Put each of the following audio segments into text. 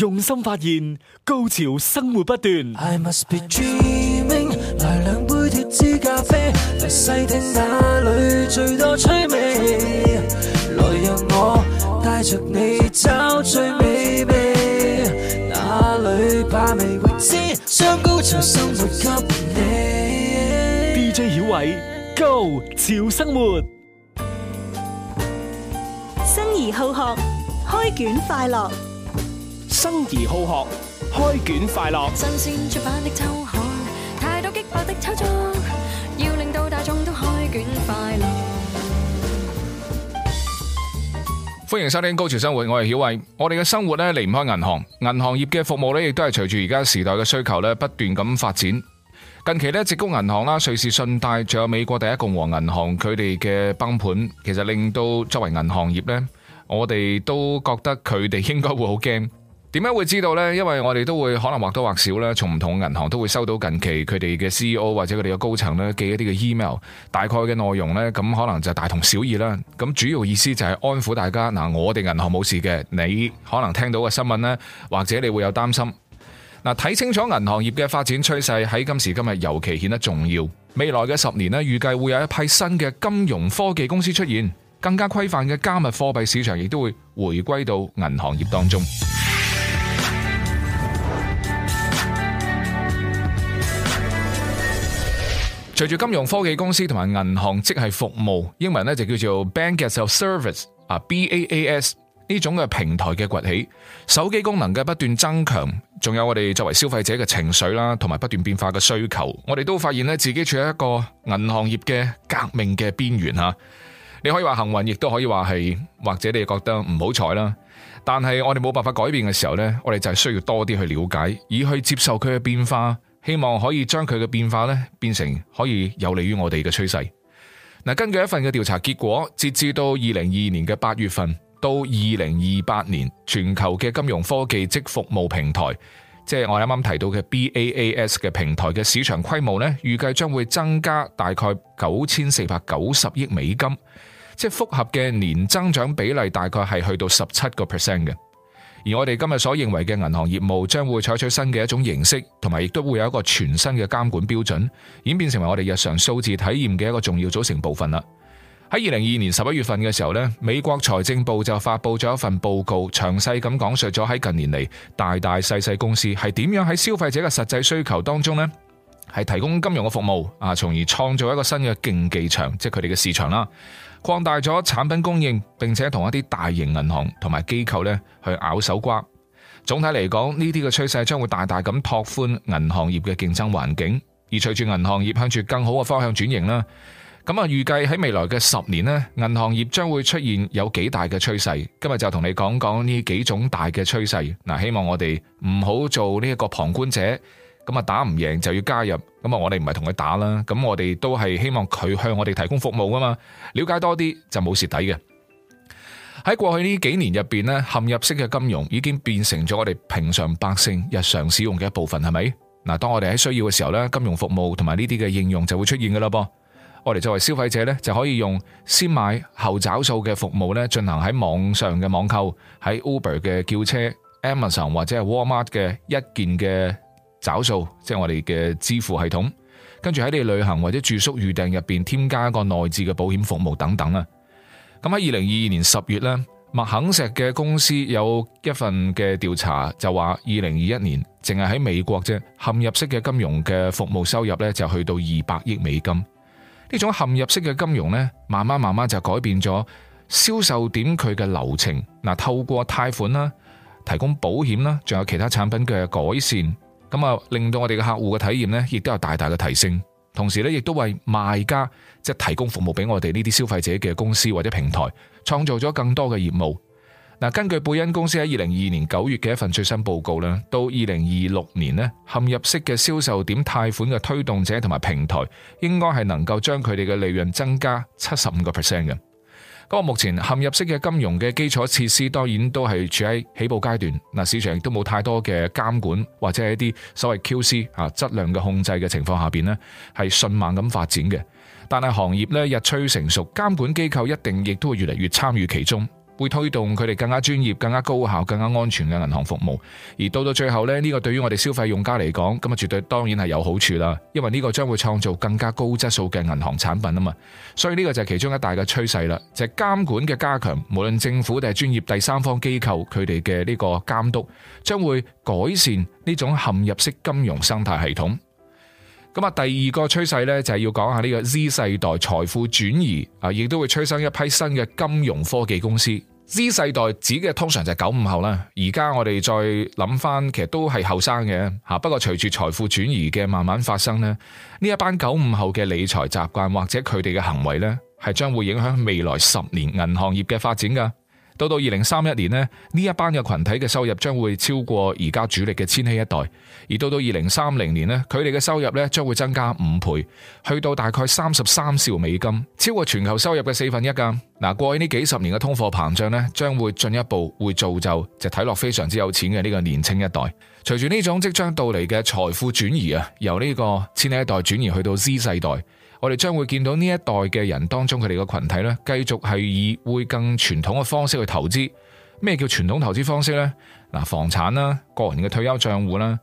用心發現，Go 潮生活不斷。I must be dreaming，來兩杯脫脂咖啡，嚟細聽哪裏最多趣味。來讓我帶着你找最美味，哪裏把味會知？將 Go 潮生活給你。DJ 小偉，Go 潮生活，生而好學，開卷快樂。生而好學，開卷快樂。新鮮出版的周刊，太多激烈的炒作，要令到大眾都開卷快樂。歡迎收聽《Go 潮生活》，我係曉慧。我哋嘅生活咧離唔開銀行，銀行業嘅服務咧亦都係隨住而家時代嘅需求咧不斷咁發展。近期咧，職工銀行啦、瑞士信貸，仲有美國第一共和銀行，佢哋嘅崩盤，其實令到作為銀行業咧，我哋都覺得佢哋應該會好驚。點解會知道呢？因為我哋都會可能或多或少咧，從唔同銀行都會收到近期佢哋嘅 CEO 或者佢哋嘅高層咧寄一啲嘅 email，大概嘅內容呢，咁可能就大同小異啦。咁主要意思就係安撫大家嗱，我哋銀行冇事嘅，你可能聽到個新聞呢，或者你會有擔心嗱。睇清楚銀行業嘅發展趨勢喺今時今日尤其顯得重要。未來嘅十年呢，預計會有一批新嘅金融科技公司出現，更加規範嘅加密貨幣市場亦都會回歸到銀行業當中。隨住金融科技公司同埋銀行即係服務，英文咧就叫做 Bank as a Service 啊，B A A S 呢種嘅平台嘅崛起，手機功能嘅不斷增強，仲有我哋作為消費者嘅情緒啦，同埋不斷變化嘅需求，我哋都發現咧自己處喺一個銀行業嘅革命嘅邊緣吓。你可以話幸運，亦都可以話係，或者你覺得唔好彩啦。但係我哋冇辦法改變嘅時候呢，我哋就係需要多啲去了解，以去接受佢嘅變化。希望可以將佢嘅變化咧變成可以有利於我哋嘅趨勢。嗱，根據一份嘅調查結果，截至到二零二二年嘅八月份到二零二八年，全球嘅金融科技即服務平台，即係我啱啱提到嘅 BaaS 嘅平台嘅市場規模咧，預計將會增加大概九千四百九十億美金，即係複合嘅年增長比例大概係去到十七個 percent 嘅。而我哋今日所認為嘅銀行業務將會採取新嘅一種形式，同埋亦都會有一個全新嘅監管標準，演變成為我哋日常數字體驗嘅一個重要組成部分啦。喺二零二二年十一月份嘅時候呢，美國財政部就發布咗一份報告，詳細咁講述咗喺近年嚟大大細細公司係點樣喺消費者嘅實際需求當中呢。係提供金融嘅服務，啊，從而創造一個新嘅競技場，即係佢哋嘅市場啦，擴大咗產品供應，並且同一啲大型銀行同埋機構咧去咬手瓜。總體嚟講，呢啲嘅趨勢將會大大咁拓寬銀行業嘅競爭環境。而隨住銀行業向住更好嘅方向轉型啦，咁啊，預計喺未來嘅十年呢，銀行業將會出現有幾大嘅趨勢。今日就同你講講呢幾種大嘅趨勢。嗱，希望我哋唔好做呢一個旁觀者。咁啊，打唔贏就要加入。咁啊，我哋唔係同佢打啦。咁我哋都係希望佢向我哋提供服務噶嘛。了解多啲就冇蝕底嘅。喺過去呢幾年入邊咧，嵌入式嘅金融已經變成咗我哋平常百姓日常使用嘅一部分，係咪嗱？當我哋喺需要嘅時候咧，金融服務同埋呢啲嘅應用就會出現噶啦。噃我哋作為消費者呢，就可以用先買後找數嘅服務咧，進行喺網上嘅網購，喺 Uber 嘅叫車、Amazon 或者係 Walmart 嘅一件嘅。找數，即係我哋嘅支付系統，跟住喺你旅行或者住宿預訂入邊添加一個內置嘅保險服務等等啊。咁喺二零二二年十月呢，麥肯錫嘅公司有一份嘅調查就話，二零二一年淨係喺美國啫，嵌入式嘅金融嘅服務收入呢，就去到二百億美金。呢種嵌入式嘅金融呢，慢慢慢慢就改變咗銷售點佢嘅流程嗱，透過貸款啦，提供保險啦，仲有其他產品嘅改善。咁啊，令到我哋嘅客戶嘅體驗咧，亦都有大大嘅提升，同時咧，亦都為賣家，即係提供服務俾我哋呢啲消費者嘅公司或者平台創造咗更多嘅業務。嗱，根據貝恩公司喺二零二二年九月嘅一份最新報告咧，到二零二六年咧，嵌入式嘅銷售點貸款嘅推動者同埋平台，應該係能夠將佢哋嘅利潤增加七十五個 percent 嘅。嗰個目前嵌入式嘅金融嘅基礎設施，當然都係處喺起步階段。嗱，市場亦都冇太多嘅監管或者係一啲所謂 QC 啊質量嘅控制嘅情況下邊咧，係迅猛咁發展嘅。但係行業咧，日趨成熟，監管機構一定亦都會越嚟越參與其中。會推動佢哋更加專業、更加高效、更加安全嘅銀行服務，而到到最後呢，呢個對於我哋消費用家嚟講，咁啊絕對當然係有好處啦，因為呢個將會創造更加高質素嘅銀行產品啊嘛，所以呢個就係其中一大嘅趨勢啦，就係監管嘅加強，無論政府定係專業第三方機構，佢哋嘅呢個監督將會改善呢種嵌入式金融生態系統。咁啊，第二個趨勢咧就係要講下呢個 Z 世代財富轉移啊，亦都會催生一批新嘅金融科技公司。Z 世代指嘅通常就係九五後啦，而家我哋再諗翻，其實都係後生嘅吓。不過隨住財富轉移嘅慢慢發生呢，呢一班九五後嘅理財習慣或者佢哋嘅行為咧，係將會影響未來十年銀行業嘅發展噶。到到二零三一年呢，呢一班嘅群體嘅收入將會超過而家主力嘅千禧一代；而到到二零三零年呢，佢哋嘅收入呢將會增加五倍，去到大概三十三兆美金，超過全球收入嘅四分一噶。嗱，過去呢幾十年嘅通貨膨脹呢，將會進一步會造就就睇落非常之有錢嘅呢個年青一代。隨住呢種即將到嚟嘅財富轉移啊，由呢個千禧一代轉移去到 Z 世代。我哋將會見到呢一代嘅人當中，佢哋個群體呢，繼續係以會更傳統嘅方式去投資。咩叫傳統投資方式呢？嗱，房產啦，個人嘅退休帳戶啦，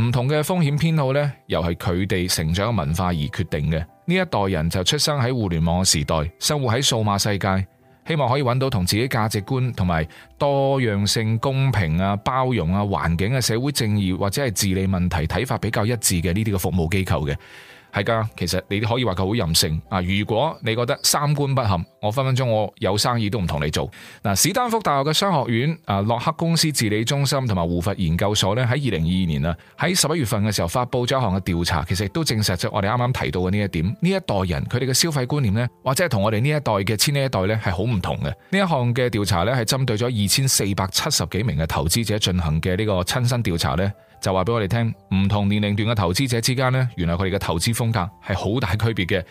唔同嘅風險偏好呢，又係佢哋成長嘅文化而決定嘅。呢一代人就出生喺互聯網嘅時代，生活喺數碼世界，希望可以揾到同自己價值觀同埋多樣性、公平啊、包容啊、環境嘅社會正義或者係治理問題睇法比較一致嘅呢啲嘅服務機構嘅。係噶，其實你可以話佢好任性啊！如果你覺得三觀不合，我分分鐘我有生意都唔同你做。嗱，史丹福大學嘅商學院啊，洛克公司治理中心同埋胡佛研究所咧，喺二零二二年啊，喺十一月份嘅時候發布咗一項嘅調查，其實亦都證實咗我哋啱啱提到嘅呢一點。呢一代人佢哋嘅消費觀念呢，或者係同我哋呢一代嘅千禧一代呢，係好唔同嘅。呢一項嘅調查呢，係針對咗二千四百七十幾名嘅投資者進行嘅呢個親身調查呢，就話俾我哋聽，唔同年齡段嘅投資者之間呢，原來佢哋嘅投資風格係好大區別嘅。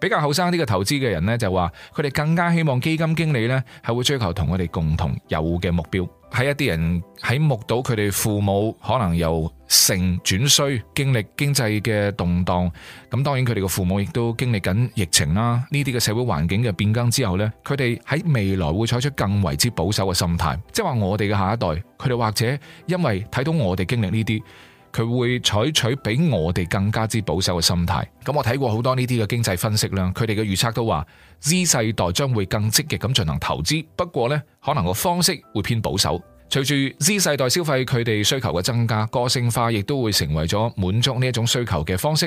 比較後生啲嘅投資嘅人呢，就話佢哋更加希望基金經理呢係會追求同佢哋共同有嘅目標。喺一啲人喺目睹佢哋父母可能又。成轉衰，經歷經濟嘅動盪，咁當然佢哋嘅父母亦都經歷緊疫情啦。呢啲嘅社會環境嘅變更之後呢，佢哋喺未來會採取更為之保守嘅心態，即係話我哋嘅下一代，佢哋或者因為睇到我哋經歷呢啲，佢會採取比我哋更加之保守嘅心態。咁我睇過好多呢啲嘅經濟分析啦，佢哋嘅預測都話 Z 世代將會更積極咁進行投資，不過呢，可能個方式會偏保守。隨住 Z 世代消費佢哋需求嘅增加，個性化亦都會成為咗滿足呢一種需求嘅方式。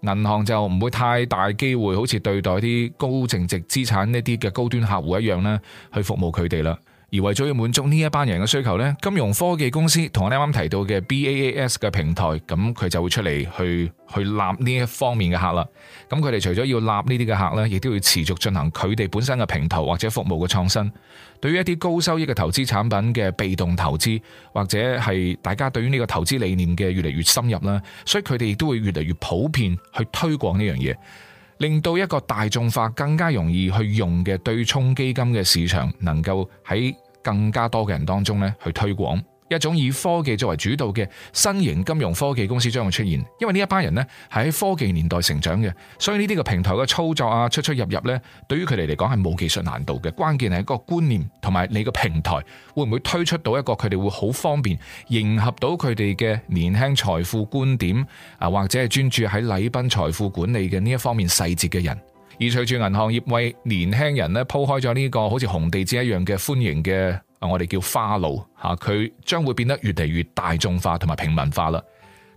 銀行就唔會太大機會，好似對待啲高淨值資產呢啲嘅高端客戶一樣呢，去服務佢哋啦。而為咗要滿足呢一班人嘅需求呢，金融科技公司同我啱啱提到嘅 BaaS 嘅平台，咁佢就會出嚟去去立呢一方面嘅客啦。咁佢哋除咗要立呢啲嘅客呢，亦都會持續進行佢哋本身嘅平台或者服務嘅創新。對於一啲高收益嘅投資產品嘅被動投資，或者係大家對於呢個投資理念嘅越嚟越深入啦，所以佢哋亦都會越嚟越普遍去推廣呢樣嘢，令到一個大眾化更加容易去用嘅對沖基金嘅市場能夠喺更加多嘅人當中咧，去推廣一種以科技作為主導嘅新型金融科技公司將會出現，因為呢一班人呢，係喺科技年代成長嘅，所以呢啲嘅平台嘅操作啊、出出入入呢，對於佢哋嚟講，係冇技術難度嘅。關鍵係一個觀念同埋你個平台會唔會推出到一個佢哋會好方便迎合到佢哋嘅年輕財富觀點啊，或者係專注喺禮賓財富管理嘅呢一方面細節嘅人。而隨住銀行業為年輕人咧鋪開咗呢個好似紅地氈一樣嘅歡迎嘅啊，我哋叫花路吓，佢將會變得越嚟越大眾化同埋平民化啦。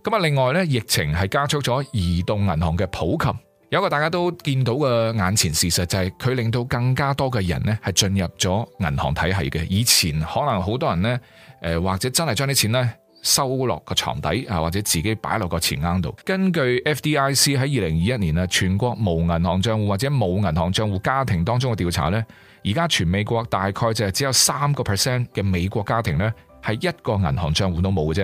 咁啊，另外呢，疫情係加速咗移動銀行嘅普及，有一個大家都見到嘅眼前事實就係、是、佢令到更加多嘅人咧係進入咗銀行體系嘅。以前可能好多人呢，誒，或者真係將啲錢呢。收落個床底啊，或者自己擺落個錢罌度。根據 FDIC 喺二零二一年啊，全國無銀行賬戶或者冇銀行賬戶家庭當中嘅調查咧，而家全美國大概就係只有三個 percent 嘅美國家庭咧係一個銀行賬戶都冇嘅啫。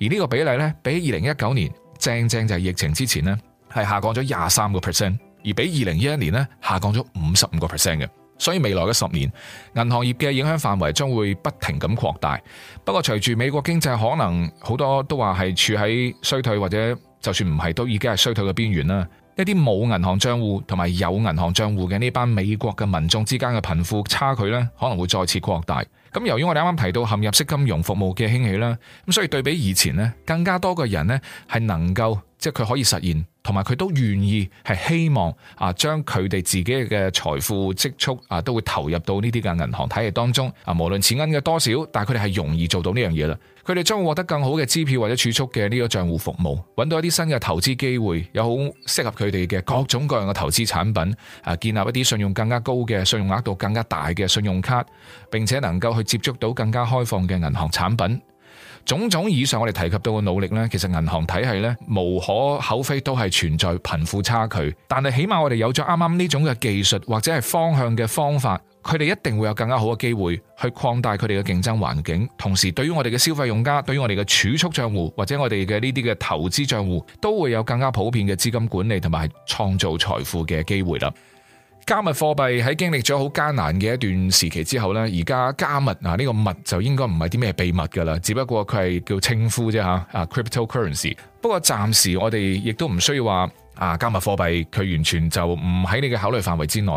而呢個比例咧，比二零一九年正正就係疫情之前咧係下降咗廿三個 percent，而比二零一一年咧下降咗五十五個 percent 嘅。所以未來嘅十年，銀行業嘅影響範圍將會不停咁擴大。不過隨住美國經濟可能好多都話係處喺衰退或者就算唔係都已經係衰退嘅邊緣啦，一啲冇銀行賬戶同埋有銀行賬戶嘅呢班美國嘅民眾之間嘅貧富差距呢，可能會再次擴大。咁由於我哋啱啱提到嵌入式金融服務嘅興起啦，咁所以對比以前呢，更加多嘅人呢係能夠。即係佢可以實現，同埋佢都願意係希望啊，將佢哋自己嘅財富積蓄啊，都會投入到呢啲嘅銀行體系當中啊。無論錢銀嘅多少，但係佢哋係容易做到呢樣嘢啦。佢哋將會獲得更好嘅支票或者儲蓄嘅呢個賬戶服務，搵到一啲新嘅投資機會，有好適合佢哋嘅各種各樣嘅投資產品啊，建立一啲信用更加高嘅信用額度更加大嘅信用卡，並且能夠去接觸到更加開放嘅銀行產品。種種以上我哋提及到嘅努力咧，其實銀行體系咧無可厚非都係存在貧富差距，但係起碼我哋有咗啱啱呢種嘅技術或者係方向嘅方法，佢哋一定會有更加好嘅機會去擴大佢哋嘅競爭環境，同時對於我哋嘅消費用家，對於我哋嘅儲蓄帳戶或者我哋嘅呢啲嘅投資帳戶，都會有更加普遍嘅資金管理同埋創造財富嘅機會啦。加密貨幣喺經歷咗好艱難嘅一段時期之後呢，而家加密啊，呢個密就應該唔係啲咩秘密噶啦，只不過佢係叫稱呼啫吓啊。Cryptocurrency，不過暫時我哋亦都唔需要話啊，加密貨幣佢完全就唔喺你嘅考慮範圍之內。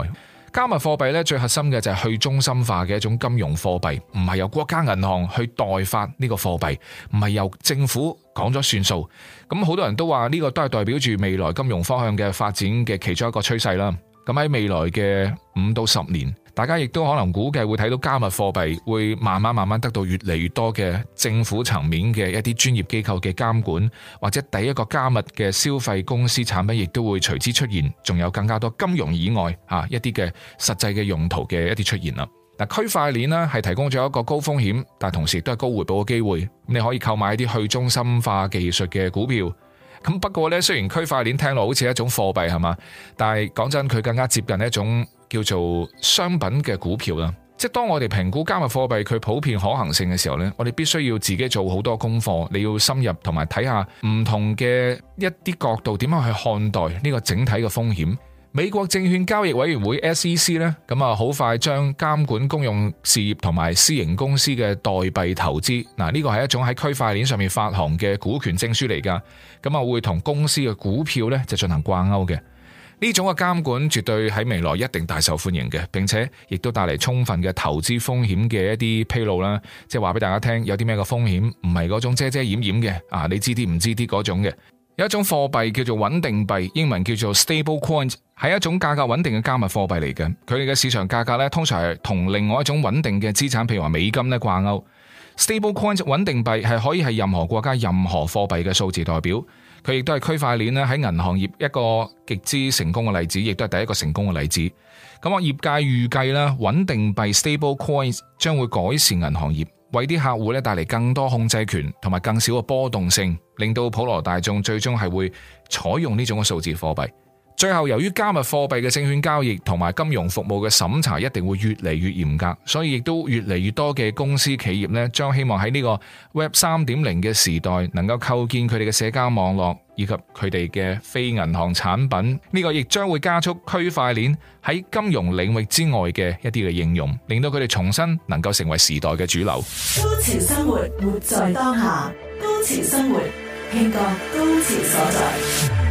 加密貨幣呢，最核心嘅就係去中心化嘅一種金融貨幣，唔係由國家銀行去代發呢個貨幣，唔係由政府講咗算數。咁好多人都話呢個都係代表住未來金融方向嘅發展嘅其中一個趨勢啦。咁喺未來嘅五到十年，大家亦都可能估計會睇到加密貨幣會慢慢慢慢得到越嚟越多嘅政府層面嘅一啲專業機構嘅監管，或者第一個加密嘅消費公司產品亦都會隨之出現，仲有更加多金融以外啊一啲嘅實際嘅用途嘅一啲出現啦。嗱，區塊鏈呢係提供咗一個高風險，但同時都係高回報嘅機會，你可以購買一啲去中心化技術嘅股票。咁不過呢，雖然區塊鏈聽落好似一種貨幣係嘛？但係講真，佢更加接近一種叫做商品嘅股票啦。即係當我哋評估加密貨幣佢普遍可行性嘅時候呢，我哋必須要自己做好多功課，你要深入看看同埋睇下唔同嘅一啲角度，點樣去看待呢個整體嘅風險。美國證券交易委員會 SEC 呢，咁啊好快將監管公用事業同埋私營公司嘅代幣投資，嗱呢個係一種喺區塊鏈上面發行嘅股權證書嚟噶，咁啊會同公司嘅股票呢就進行掛鈎嘅。呢種嘅監管絕對喺未來一定大受歡迎嘅，並且亦都帶嚟充分嘅投資風險嘅一啲披露啦，即係話俾大家聽有啲咩嘅風險，唔係嗰種遮遮掩掩嘅啊，你知啲唔知啲嗰種嘅。有一種貨幣叫做穩定幣，英文叫做 stable coins，係一種價格穩定嘅加密貨幣嚟嘅。佢哋嘅市場價格咧，通常係同另外一種穩定嘅資產，譬如話美金咧掛鈎。Stable coins 穩定幣係可以係任何國家、任何貨幣嘅數字代表。佢亦都係區塊鏈咧喺銀行業一個極之成功嘅例子，亦都係第一個成功嘅例子。咁我業界預計咧，穩定幣 stable coins 將會改善銀行業。為啲客戶咧帶嚟更多控制權同埋更少嘅波動性，令到普羅大眾最終係會採用呢種嘅數字貨幣。最後，由於加密貨幣嘅證券交易同埋金融服務嘅審查一定會越嚟越嚴格，所以亦都越嚟越多嘅公司企業咧，將希望喺呢個 Web 三點零嘅時代，能夠構建佢哋嘅社交網絡以及佢哋嘅非銀行產品。呢個亦將會加速區塊鏈喺金融領域之外嘅一啲嘅應用，令到佢哋重新能夠成為時代嘅主流。Go 潮生活，活在當下；Go 潮生活，興在高潮所在。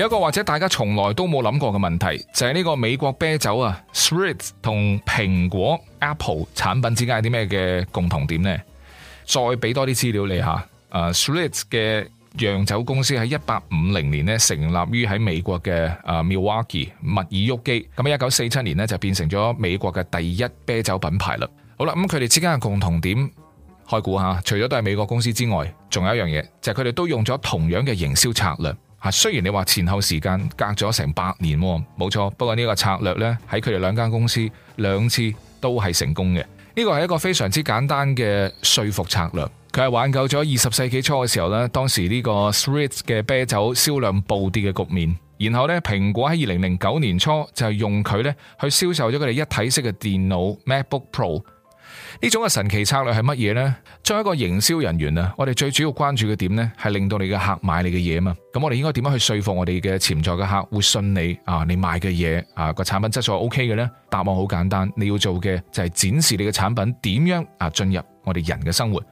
有一個或者大家從來都冇諗過嘅問題，就係、是、呢個美國啤酒啊，Schlitz 同蘋果 Apple 產品之間有啲咩嘅共同點呢？再俾多啲資料你吓，Schlitz 嘅洋酒公司喺一八五零年呢成立於喺美國嘅誒、啊、Milwaukee 密爾沃基，咁喺一九四七年呢，就變成咗美國嘅第一啤酒品牌啦。好啦，咁佢哋之間嘅共同點，開估下，除咗都係美國公司之外，仲有一樣嘢，就係佢哋都用咗同樣嘅營銷策略。啊，雖然你話前後時間隔咗成百年，冇錯。不過呢個策略呢，喺佢哋兩間公司兩次都係成功嘅。呢個係一個非常之簡單嘅說服策略。佢係挽救咗二十世紀初嘅時候呢，當時呢個 Schlitz 嘅啤酒銷量暴跌嘅局面。然後呢，蘋果喺二零零九年初就係用佢呢去銷售咗佢哋一體式嘅電腦 MacBook Pro。呢種嘅神奇策略係乜嘢呢？作為一個營銷人員啊，我哋最主要關注嘅點呢，係令到你嘅客買你嘅嘢嘛。咁我哋應該點樣去說服我哋嘅潛在嘅客會信你啊？你賣嘅嘢啊個產品質素 OK 嘅呢？答案好簡單，你要做嘅就係展示你嘅產品點樣啊進入我哋人嘅生活。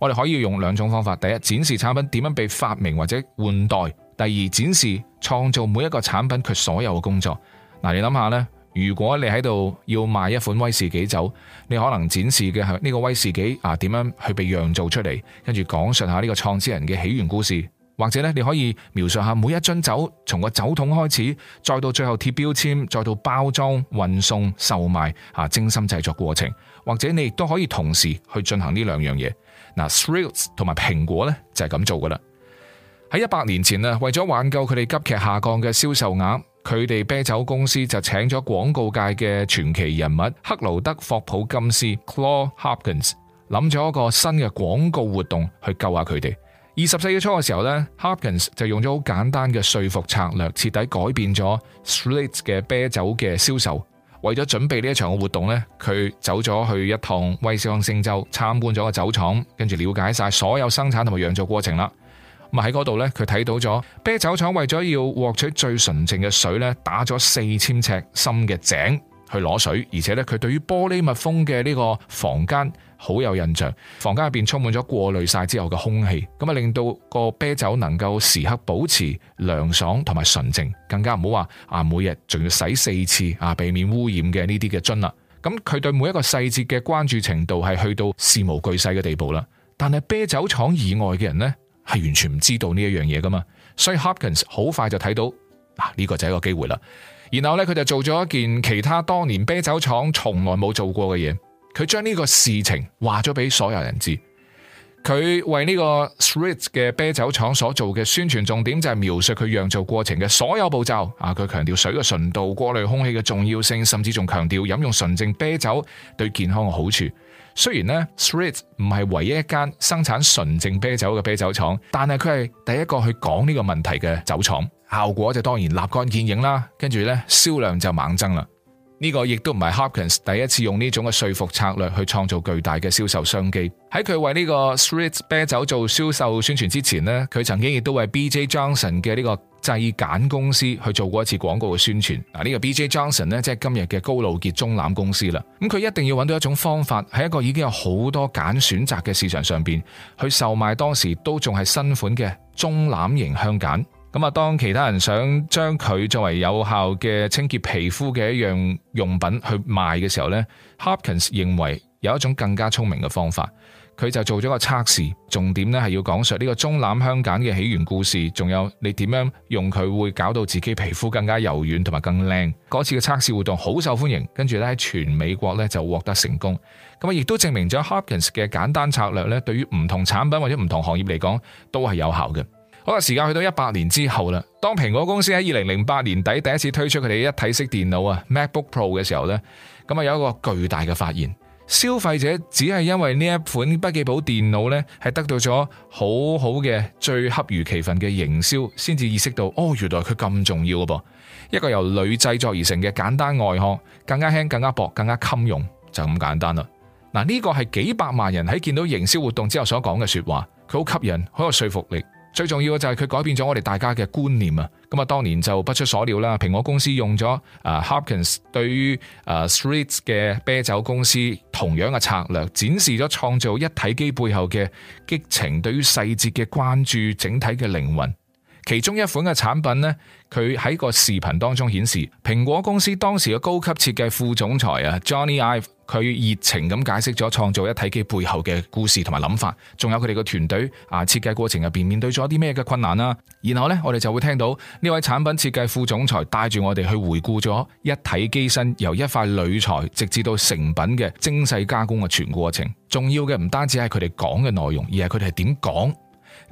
我哋可以用兩種方法：第一，展示產品點樣被發明或者換代；第二，展示創造每一個產品佢所有嘅工作。嗱，啊，你諗下呢。如果你喺度要賣一款威士忌酒，你可能展示嘅係呢個威士忌啊點樣去被釀造出嚟，跟住講述下呢個創始人嘅起源故事，或者咧你可以描述下每一樽酒從個酒桶開始，再到最後貼標籤，再到包裝、運送、售賣啊，精心製作過程，或者你亦都可以同時去進行呢兩樣嘢。嗱、啊、Schlitz 同埋蘋果呢，就係咁做噶啦。喺一百年前啊，為咗挽救佢哋急劇下降嘅銷售額，佢哋啤酒公司就請咗廣告界嘅傳奇人物克勞德霍普金斯 （Claude Hopkins） 諗咗一個新嘅廣告活動去救下佢哋。二十世紀初嘅時候呢 Hopkins 就用咗好簡單嘅說服策略，徹底改變咗 Schlitz 嘅啤酒嘅銷售。為咗準備呢一場嘅活動呢佢走咗去一趟威斯康星州參觀咗個酒廠，跟住了解晒所有生產同埋釀造過程啦。咁喺嗰度呢，佢睇到咗啤酒廠為咗要獲取最純淨嘅水呢，打咗四千尺深嘅井去攞水，而且呢，佢對於玻璃密封嘅呢個房間好有印象。房間入邊充滿咗過濾晒之後嘅空氣，咁啊令到個啤酒能夠時刻保持涼爽同埋純淨，更加唔好話啊每日仲要洗四次啊，避免污染嘅呢啲嘅樽啦。咁佢對每一個細節嘅關注程度係去到事無巨細嘅地步啦。但係啤酒廠以外嘅人呢？係完全唔知道呢一樣嘢噶嘛，所以 Hopkins 好快就睇到嗱呢，啊呢個就係一個機會啦。然後呢，佢就做咗一件其他當年啤酒廠從來冇做過嘅嘢，佢將呢個事情話咗俾所有人知。佢為呢個 Schlitz 嘅啤酒廠所做嘅宣傳重點就係描述佢釀造過程嘅所有步驟。啊，佢強調水嘅純度、過濾空氣嘅重要性，甚至仲強調飲用純淨啤酒對健康嘅好處。雖然咧，Schlitz 唔係唯一一間生產純正啤酒嘅啤酒廠，但係佢係第一個去講呢個問題嘅酒廠，效果就當然立竿見影啦。跟住咧，銷量就猛增啦。呢個亦都唔係 Hopkins 第一次用呢種嘅說服策略去創造巨大嘅銷售商機。喺佢為呢個 Schlitz 啤酒做銷售宣傳之前呢，佢曾經亦都為 BJ Johnson 嘅呢個製梘公司去做過一次廣告嘅宣傳。嗱，呢個 BJ Johnson 呢，即係今日嘅高露潔棕欖公司啦。咁佢一定要揾到一種方法，喺一個已經有好多梘選擇嘅市場上邊去售賣當時都仲係新款嘅棕欖型香梘。咁啊，當其他人想將佢作為有效嘅清潔皮膚嘅一樣用品去賣嘅時候呢 Hopkins 認為有一種更加聰明嘅方法，佢就做咗個測試，重點呢係要講述呢個棕欖香檳嘅起源故事，仲有你點樣用佢會搞到自己皮膚更加柔軟同埋更靚。嗰次嘅測試活動好受歡迎，跟住咧喺全美國咧就獲得成功。咁啊，亦都證明咗 Hopkins 嘅簡單策略咧，對於唔同產品或者唔同行業嚟講都係有效嘅。好啦，時間去到一百年之後啦。當蘋果公司喺二零零八年底第一次推出佢哋一體式電腦啊 MacBook Pro 嘅時候呢，咁啊有一個巨大嘅發現，消費者只係因為呢一款筆記簿電腦呢，係得到咗好好嘅最恰如其分嘅營銷，先至意識到哦，原來佢咁重要嘅噃。一個由鋁製作而成嘅簡單外殼，更加輕、更加薄、更加襟用，就咁簡單啦。嗱，呢個係幾百萬人喺見到營銷活動之後所講嘅說話，佢好吸引，好有說服力。最重要嘅就係佢改變咗我哋大家嘅觀念啊！咁啊，當年就不出所料啦。蘋果公司用咗啊 Hopkins 對於啊 Streets 嘅啤酒公司同樣嘅策略，展示咗創造一體機背後嘅激情，對於細節嘅關注，整體嘅靈魂。其中一款嘅產品呢，佢喺個視頻當中顯示，蘋果公司當時嘅高級設計副總裁啊，Johnny Ive，佢熱情咁解釋咗創造一體機背後嘅故事同埋諗法，仲有佢哋個團隊啊設計過程入邊面面對咗啲咩嘅困難啦。然後呢，我哋就會聽到呢位產品設計副總裁帶住我哋去回顧咗一體機身由一塊鋁材直至到成品嘅精細加工嘅全過程。重要嘅唔單止係佢哋講嘅內容，而係佢哋係點講。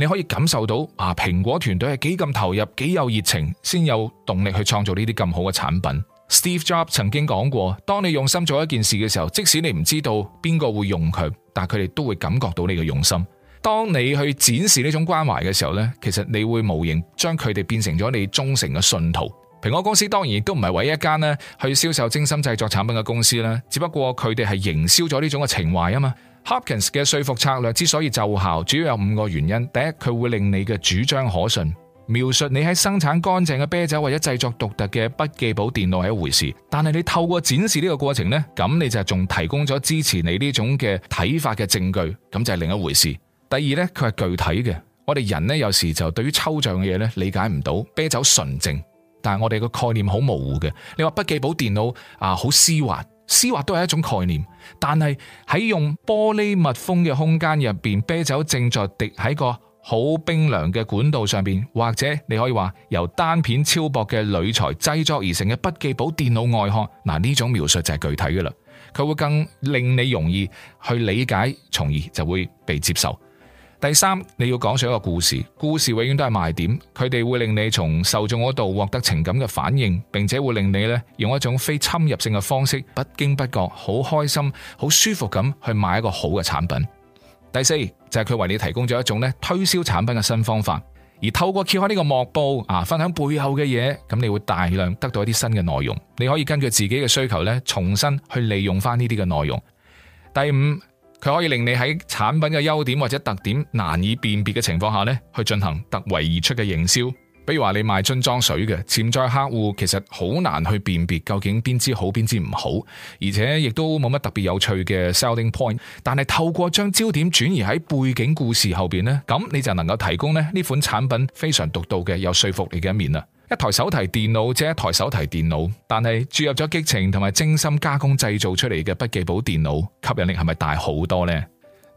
你可以感受到啊，蘋果團隊係幾咁投入，幾有熱情，先有動力去創造呢啲咁好嘅產品。Steve Jobs 曾經講過，當你用心做一件事嘅時候，即使你唔知道邊個會用佢，但係佢哋都會感覺到你嘅用心。當你去展示呢種關懷嘅時候呢，其實你會無形將佢哋變成咗你忠誠嘅信徒。蘋果公司當然亦都唔係唯一一間咧去銷售精心製作產品嘅公司啦，只不過佢哋係營銷咗呢種嘅情懷啊嘛。Hopkins 嘅說服策略之所以奏效，主要有五個原因。第一，佢會令你嘅主張可信。描述你喺生產乾淨嘅啤酒或者製作獨特嘅筆記簿電腦係一回事，但係你透過展示呢個過程呢，咁你就仲提供咗支持你呢種嘅睇法嘅證據，咁就係另一回事。第二呢，佢係具體嘅。我哋人呢，有時就對於抽象嘅嘢呢理解唔到。啤酒純正，但係我哋個概念好模糊嘅。你話筆記簿電腦啊，好絲滑。絲滑都係一種概念，但係喺用玻璃密封嘅空間入邊，啤酒正在滴喺個好冰涼嘅管道上邊，或者你可以話由單片超薄嘅鋁材製作而成嘅筆記簿電腦外殼，嗱，呢種描述就係具體嘅啦，佢會更令你容易去理解，從而就會被接受。第三，你要講上一個故事，故事永遠都係賣點，佢哋會令你從受眾嗰度獲得情感嘅反應，並且會令你咧用一種非侵入性嘅方式，不經不覺，好開心、好舒服咁去買一個好嘅產品。第四就係、是、佢為你提供咗一種咧推銷產品嘅新方法，而透過揭開呢個幕布啊，分享背後嘅嘢，咁你會大量得到一啲新嘅內容，你可以根據自己嘅需求咧，重新去利用翻呢啲嘅內容。第五。佢可以令你喺產品嘅優點或者特點難以辨別嘅情況下咧，去進行突圍而出嘅營銷。比如話你賣樽裝水嘅潛在客戶其實好難去辨別究竟邊支好邊支唔好，而且亦都冇乜特別有趣嘅 selling point。但係透過將焦點轉移喺背景故事後邊咧，咁你就能夠提供咧呢款產品非常獨到嘅有說服力嘅一面啦。一台手提電腦，即一台手提電腦，但係注入咗激情同埋精心加工製造出嚟嘅筆記簿電腦，吸引力係咪大好多呢？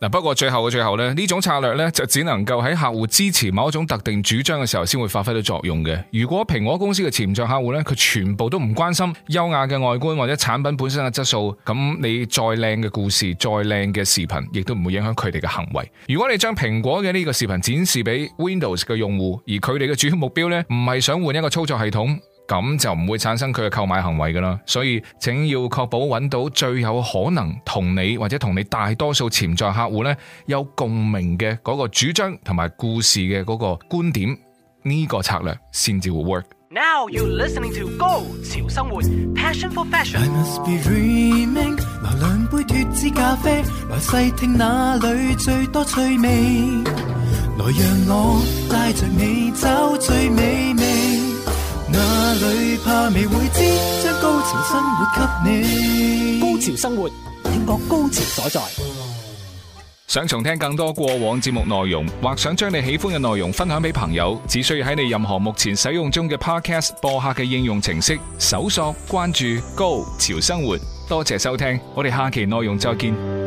不過最後嘅最後呢，呢種策略呢，就只能夠喺客戶支持某一種特定主張嘅時候，先會發揮到作用嘅。如果蘋果公司嘅潛在客戶呢，佢全部都唔關心優雅嘅外觀或者產品本身嘅質素，咁你再靚嘅故事、再靚嘅視頻，亦都唔會影響佢哋嘅行為。如果你將蘋果嘅呢個視頻展示俾 Windows 嘅用戶，而佢哋嘅主要目標呢，唔係想換一個操作系統。咁就唔會產生佢嘅購買行為噶啦，所以請要確保揾到最有可能同你或者同你大多數潛在客戶呢，有共鳴嘅嗰個主張同埋故事嘅嗰個觀點，呢個策略先至會 work。Now you listening to go 潮生活，passion for fashion。I must be dreaming。嗱兩杯脫脂咖啡，嗱細聽，那裏最多趣味，來讓我帶着你走最美味。哪裏怕未會知，將 Go 潮生活給你。Go 潮生活，聽我高潮所在。想重聽更多過往節目內容，或想將你喜歡嘅內容分享俾朋友，只需要喺你任何目前使用中嘅 Podcast 播客嘅應用程式搜索、關注 “Go 潮生活”。多謝收聽，我哋下期內容再見。